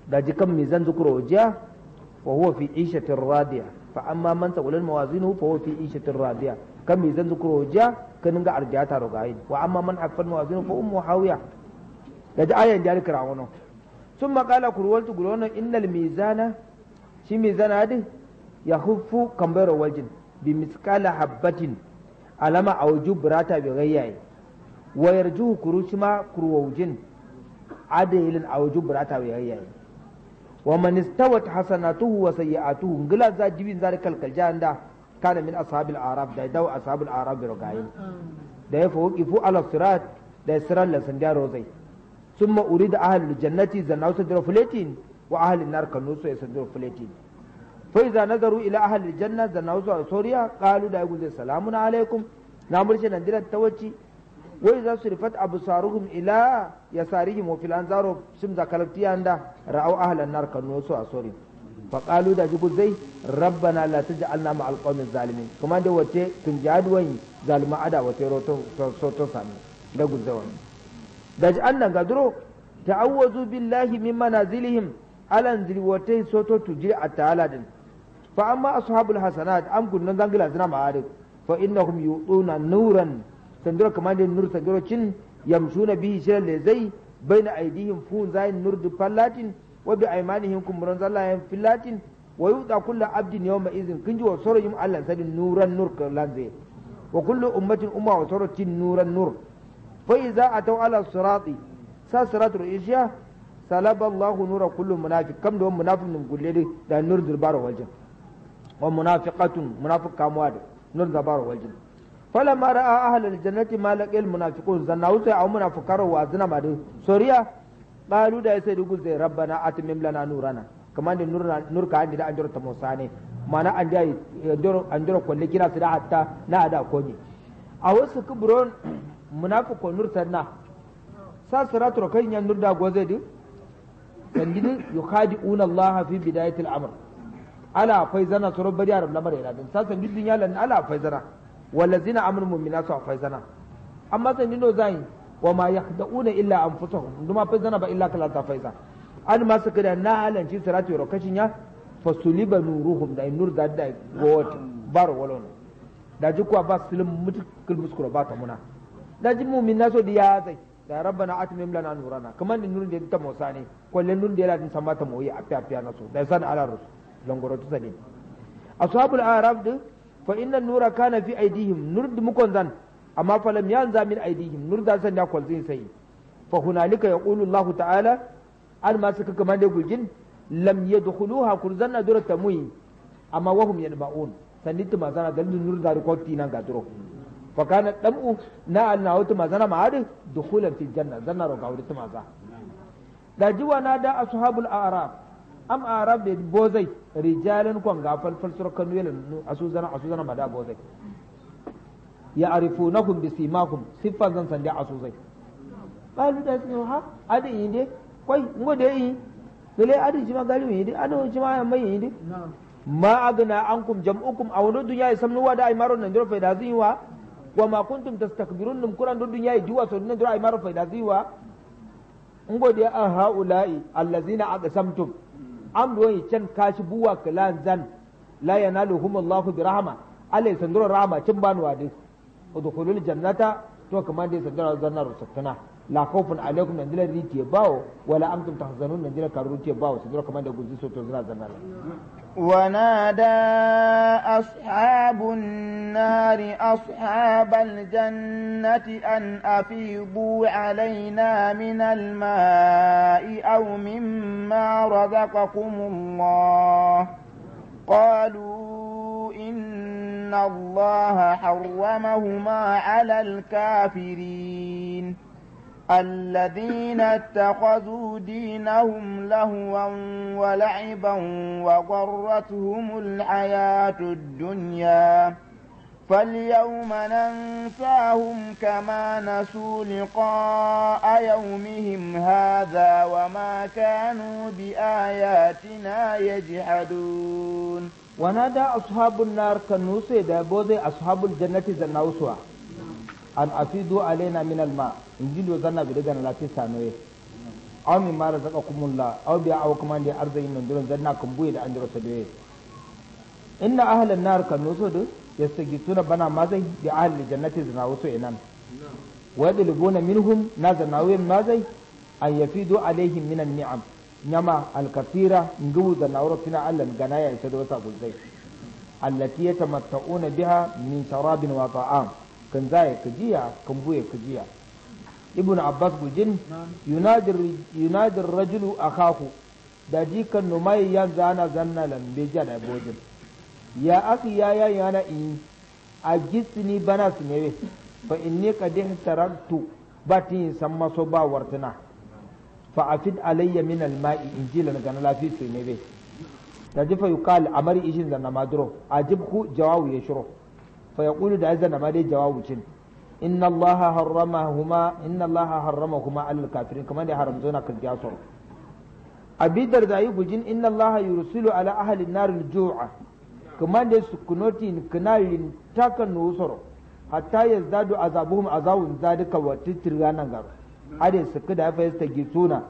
da jikan mizan zukuro jiya fa huwa fi ishatin radiya fa amma man taƙulan mawazinuhu fa huwa fi ishatin radiya kan mizan zukuro jiya kanin ga arjata rugayin wa amma man haifar mawazinuhu fa ummu hawiya da ji ayan jari kira wurin sun makala kurwaltu gulonan innal mizana shi mizana din ya huffu kambar waljin bi miskala habbatin alama awju burata bi gayyaye wa yarju kurushma kurwujin adilin awju burata bi gayyaye wa man istawat hasanatuhu wa sayiatuhu ngila za jibin kalkal janda kana min ashabil arab da daw ashabil arab rogayin da ya ifu ala sirat da sirat la sandaro zai summa urida ahlul jannati zanausa dirfulatin wa ahlun nar kanusu yasandiru fulatin fa iza nazaru ila ahli janna da nawzu asoriya qalu da salamu na alaikum na murshi nan diran tawacci wa iza abu absaruhum ila yasarihim wa fil anzaru sim zakalati anda ra'au na nar kanu su asori fa qalu da yugo zai rabbana la taj'alna ma'al qawmi zalimin kuma da wace tun jadwan zalima ada wace roto so to sami da guzawan da ja'alna gadro ta'awwazu billahi min manazilihim alan zilwatai soto tujir a ta'ala din fa amma ashabul hasanat am gunnan zangila zina ma'arif fa nuran tandura kamar da nur tagirocin yamsuna bihi shirin baina aidihim fun zayin nur fallatin wa bi aymanihim kumran zallayen abdin yawma izin kinji wa sorojin Allah sadin nuran nur kallanze wa ala sirati sa siratul isya salaba Allahu wajen wa munafiqatun munafiq kamuwa da nun zabar wajin falamma ra'a ahlul jannati ma laqil munafiqun zanna wusa aw munafiqar wa azna ma soriya qalu da sai dugul zai rabbana atmim lana nurana kaman da nurna nur ka andi da anjur ta ne, mana an dai anjur anjur kulli kira su da hatta na da kogi a wasu kubron munafiqun nur sanna sa siratul kayyan nur da goze din kan gidi yukhadi'una allaha fi bidayatil amr ala faizana soro bari arab lamar ila din sasan dindin yalan ala faizana wallazina amanu mu'mina su faizana amma san dino zai wa ma yakhda'una illa anfusahum duma faizana ba illa kala ta faiza an ma suka da na halanci salatu yaro kashin ya fasuliba nuruhum da nur da da gowat baro walon da ji kuwa ba silin mutukul muskura ba ta muna da ji mu'mina so diya zai da rabbana atmim lana nurana kaman nurin da ta musa ne kullu nurin da ya ladin samata moyi afiya afiya na so da san ala rusul zangorotu sani ashabul araf din fa inna nura kana fi aidihim nur mukon zan amma fa lam yanza min aidihim nur da san ya kwalzin sai fa hunalika yaqulu Allah ta'ala al ma suka kamar da gugin lam yadkhuluha kurzan nadura tamuyi amma wahum yadma'un sanni tuma zana dalil nur da rikoti nan ga duro fa kana damu na annahu tuma zana ma'ad dukhulan fil janna zanna roga wuri tuma za da jiwa na da ashabul a'raf am arab de bozai rijalan kon ga falfal surkan welan asuzana zana bada bozai ya kun bi simakum siffan zan sande asuzai balu da su ha adi inde koi ngode yi dole adi jima galu yi adi jima mai yi ma agna ankum jam'ukum aw wani dunya ya samnu wada ay maron nan dor fayda ziwa wa ma kuntum tastakbirun num kuran dor dunya jiwa so nan dor ay maron fayda ziwa ngode a haula'i allazina aqsamtum amru can kashi buwa kalan zan la yanaluhum Allahu bi rahma Allah ya cin rahma kin banu da udkhulul jannata to kamar da ya sandura zannar rusuttuna لا خوف عليكم من ذلك ريتي باو ولا أنتم تحزنون من ذلك ريتي باو سيدنا كمان يقول زيسو تزنا زنانا ونادى أصحاب النار أصحاب الجنة أن أفيضوا علينا من الماء أو مما رزقكم الله قالوا إن الله حرمهما على الكافرين الذين اتخذوا دينهم لهوا ولعبا وغرتهم الحياة الدنيا فاليوم ننساهم كما نسوا لقاء يومهم هذا وما كانوا بآياتنا يجحدون ونادى أصحاب النار كنوسي دابوزي أصحاب الجنة زناوسوا an afidu alaina min alma in ji do zanna bi daga na lafi sanoye aw min ma razaqakumullah aw bi aw kuma da arzayin nan duran zanna kan buye da anjiro sadoye inna ahlan nar kanu so do yastagituna bana ma zai bi ahli jannati zina wasu inan wa yadlubuna minhum na zanawin ma zai an yafidu alaihim min ni'am nyama alkafira nguvu za nauro fina allan ganaya ya sadu wasa gulzai allati yatamatta'una biha min sharabin wa ta'am kan ya ka jiya kan buye ka ibn abbas gujin yunadir rajulu akahu da jikan numai yan zana zanna lambe jada bojin ya aki ya ya yana in a gitsini bana su ne fa inni qad batin san maso ba wartana fa afid alayya min alma'i injila na gana lafi su ne da jifa a mari ishin zanna madro ajibhu ya shiro. فيقول yaqulu da azana جواب dai jawabicin inna allaha harramahuma inna allaha harramahuma alal kafirin kamar da haramzo na kan jasor abi darda yi gujin inna allaha yursilu ala ahli nar al-ju'a kamar da sukunoti kanarin takan nusoro hatta yazdadu azabuhum azawun zadika wa titirga nan garo da fa yastagisuna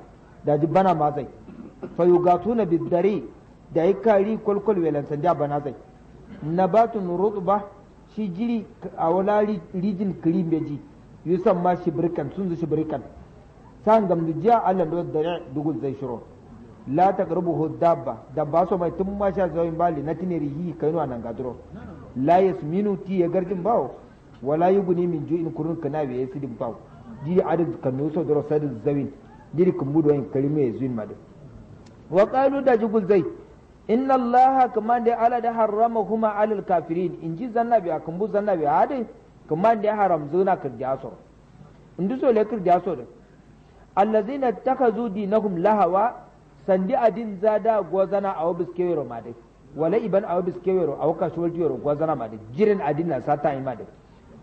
ma zai fa bidari da kari kwalkwal welan sanja bana zai nabatun rutba shi jiri a wala rijin kirim ya ji yusan ma birkan sun zu birkan. san gamdu jiya allah da dare dugul zai shiro la ta karbu ho dabba dabba so mai tun ma sha zawin bali na tiniri hi kainu a nan gaduro la yasminu ti ya garjin bawo wala yuguni min ju'in kurun kana bi yasidin bawo jiri adad kanu so doro sadin zawin jiri kumbudo yin karime zuin madu wa qalu da jugul zai inna allaha kama da ala da harrama huma alal kafirin in ji zanna bi akan bu zanna bi hade kama da haram zuna kirjaso in ji so le kirjaso din allazina takhazu dinahum lahawa sandi adin zada gozana aw biskewero made wala iban aw biskewero aw kasuwal jiro gozana made jirin adin na sata ima da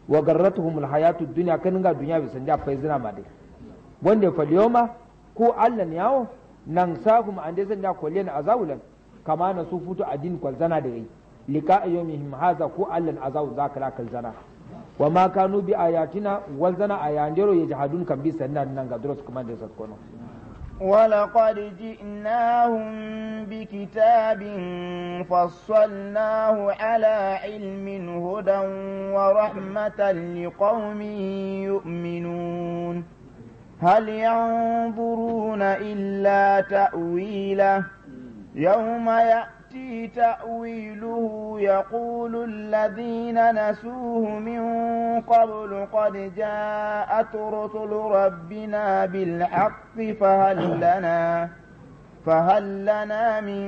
wa garratuhum alhayatu dunya kan ga dunya bi sandi afai zina made wanda fa liyoma ko allan yawo nan sahum an dai sanda kullen azawulan kama na su futu a adin kwalzana da yi lika ayyomihim haza ko allan azawu za ka kalzana wa ma kanu bi ayatina walzana ya jihadun kan bi nan nan ga duros kuma da sakkono ولقد جئناهم بكتاب فصلناه على علم هدى ورحمة لقوم يؤمنون هل ينظرون إلا تأويله يوم يأتي تأويله يقول الذين نسوه من قبل قد جاءت رسل ربنا بالحق فهل لنا فهل لنا من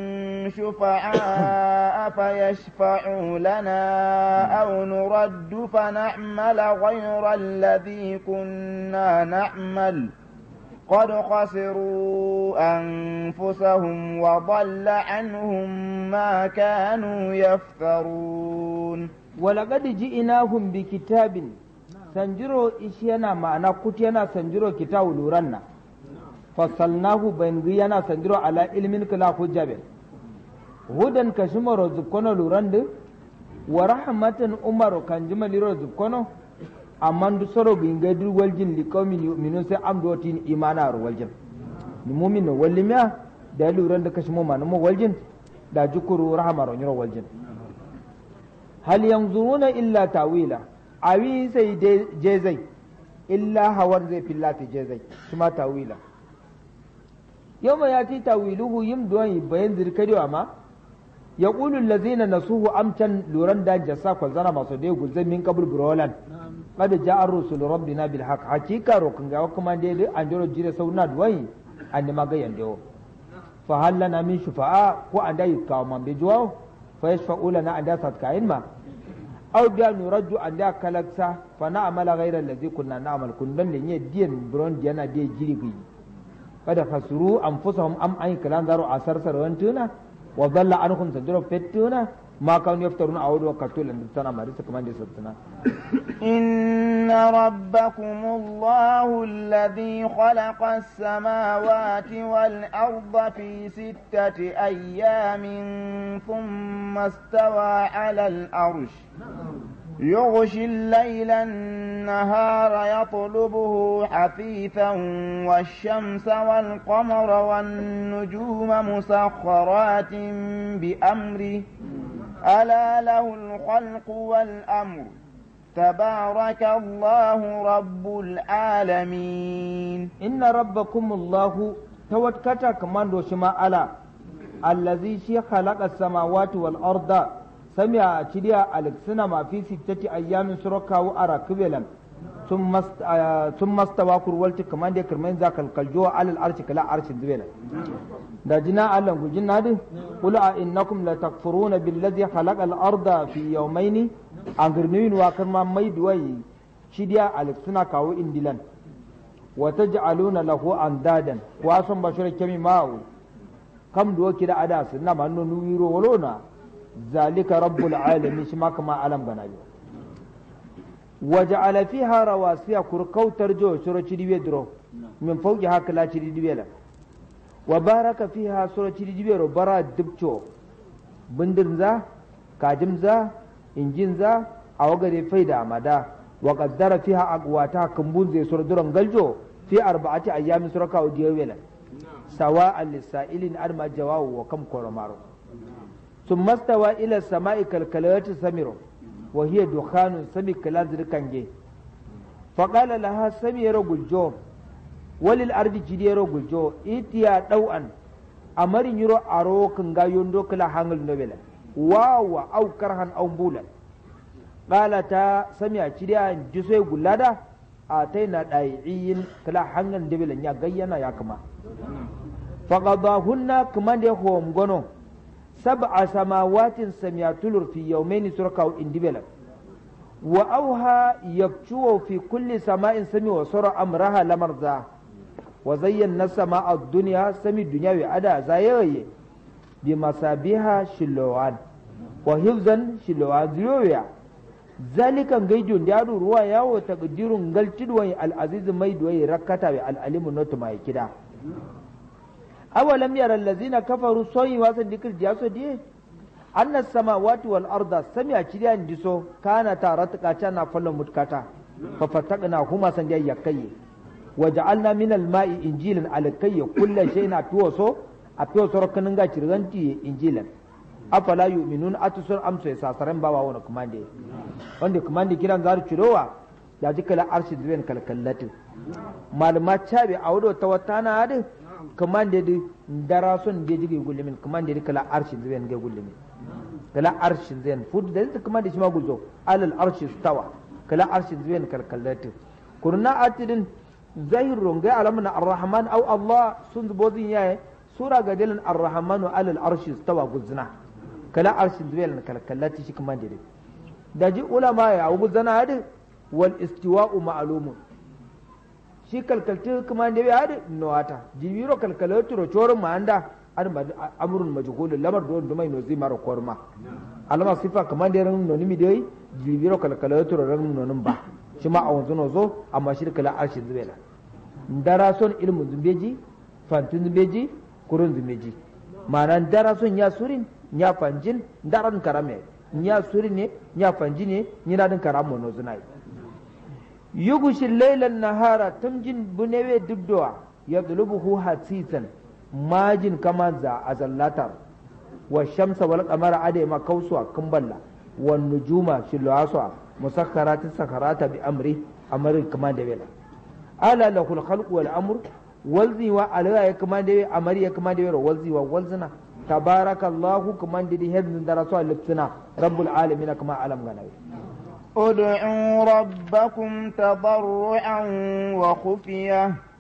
شفعاء فيشفعوا لنا أو نرد فنعمل غير الذي كنا نعمل ۖ قد خسروا أنفسهم وضل عنهم ما كانوا يفترون ولقد جئناهم بكتاب sanjiro ishi ma'ana kuti yana sanjiro kitabu luran na fassalnahu bangi yana sanjiro ala ilmin kala hujjabin hudan kashima rozubkono luran din wa rahmatan umaru kan jima liro zubkono amma duk soro bin ga duk waljin li qaumin yu'minun sai amdu watin imana ar waljin ni mu'min no walli ya da luran da kashi mu ma no waljin da jukuru rahama ro nyiro waljin hal yanzuruna illa tawila awi sai je zai illa hawar zai fillati je zai kuma tawila ya ti tawiluhu don bayan wa ma yaqulu allazina nasuhu amtan luran da jasa kwanzana masu dai gulzan min qabl burolan ja ja'a rusul rabbina bil hak hakika rokin gawa kuma an jiro jire na duwai ga maga yandeo fa halla na min shufa'a ko dai kawo man be juwa fa ula an da sat kain ma. aw biya an da kalaksa fa na amala ghaira allazi kunna na amal kun dan ne diyan bron diyana dai jiri gi kada fasuru anfusahum am ay kalan zaro asar sarwantuna wa dalla anhum tadru fetuna ما كانوا يفترون أعود وقتل أن تنا مريض كما جسدنا إن ربكم الله الذي خلق السماوات والأرض في ستة أيام ثم استوى على الأرش يغشي الليل النهار يطلبه حثيثا والشمس والقمر والنجوم مسخرات بأمره ألا له الخلق والأمر تبارك الله رب العالمين إن ربكم الله توكتا كمان دوشما ألا الذي شي خلق السماوات والأرض سمع تديا ألكسنا ما في ستة أيام سرقه أراكبلا sun mastawa walti kamar da kirmain za kalkaljo alal arci kala arshin zubela da jina allan ku jin nadi kula a innakum la takfuruna billazi khalaqal arda fi ni? an girnuyin wa ma mai duwai shidiya alif suna kawo indilan wa taj'aluna lahu andadan wa san bashir kemi ma'u kam duwa kida ada sunna manno nuwiro walona zalika rabbul alamin shi ma kama alam ganabi وجعل فيها رواسي كركو ترجو سورة دي درو من فوقها كلا تشري دي وبارك فيها سورة دي رو برا دبچو بندرنزا كاجمزا انجنزا غري فايدة مدا وقدر فيها اقواتا كمبونزي سورة درو انجلجو في أربعة أيام سورة كاو ديويلا سواء للسائلين أرما جواو وكم كورو مارو ثم استوى إلى السماء كالكلوات سميرو wa hiya dukhanun sami kalazir kange fa qala laha sami roguljo walil ardi jidi roguljo itiya dau'an amarin yiro aro kanga yondo kala hangul nobela wawa au karhan au bulan qala ta sami a cidiya jisoi gulada a taina da'iyin kala hangan debela nya gayyana ya kama fa qadahunna kuma de hom sab'a samawatin samiyatulur fi yawmaini suraka in develop wa auha yabcuwa fi kulli sama'in sami wa sura amraha lamarza wa zayyana sama'a dunya sami dunyawi ada zayaye bi masabiha shilowan wa hifzan shilowan ziyoya zalikan gaijun da yaro ruwa yawo takdirun galtidwan al-aziz mai duwaye rakkata wa al-alimu mai kida awalam yara allazina kafaru soyi wasan dikir diya so diye anna samawati wal arda sami a ciriyan diso kana tara ta kaca na fallon mutkata fa na huma san diya waje wa ja'alna min al ma'i injilan alkayya kullu shay'in atuwaso a fiyo soro kanin ga cirzan tiye injilan afala yu'minun atusun amso ya sasaran bawa wani kumande wanda kumande kiran zaru cirowa ya ji kala arshi zuwen kalkallatin malama cabe a wado ta wata na kamande di darason je jige gulle min kamande di kala arshin zen ge gulle kala arshin zen fud da ta kamande shi ma guzo alal arshi stawa kala arshin zen kalkallati kurna atidin zai ronge alamna arrahman au allah sun zubozin yaye sura ga dalin arrahmanu alal arshi stawa guzna kala arshin zen kalkallati shi kamande di da ji ulama ya guzna hadin wal istiwa'u ma'lumun si kalkalti kuma ndeɓe aɗe nowata jibiro da turo ma anda amurin amrun majhulu lamar don dumai no mara korma alama sifa kuma nde ran nimi dai jibiro kalkalatu da ran nonin ba shima a wanzu no zo amma kala arshi zubela ndara son ilmu zumbeji fantin zumbeji kurun zumbeji mana ndara son ya surin ya fanjin ndaran karame ya surin ne ya fanjin ne ni dadin karamo no zunai yugushi lailan nahara tamjin bunewe dubdowa ya dulubuhu hatisan majin kama za a zallatar wa shamsa wal kamar ade ma kausuwa kumballa wa nujuma shiluaswa musakkarati sakarata bi amri amri kama da bela ala lahul khalqu wal amr walziwa wa ya kama da amri ya kama da wa walzina tabarakallahu kama da da darasu lipsina rabbul alamin kama alam ganawi ادعوا ربكم تضرعا وخفيه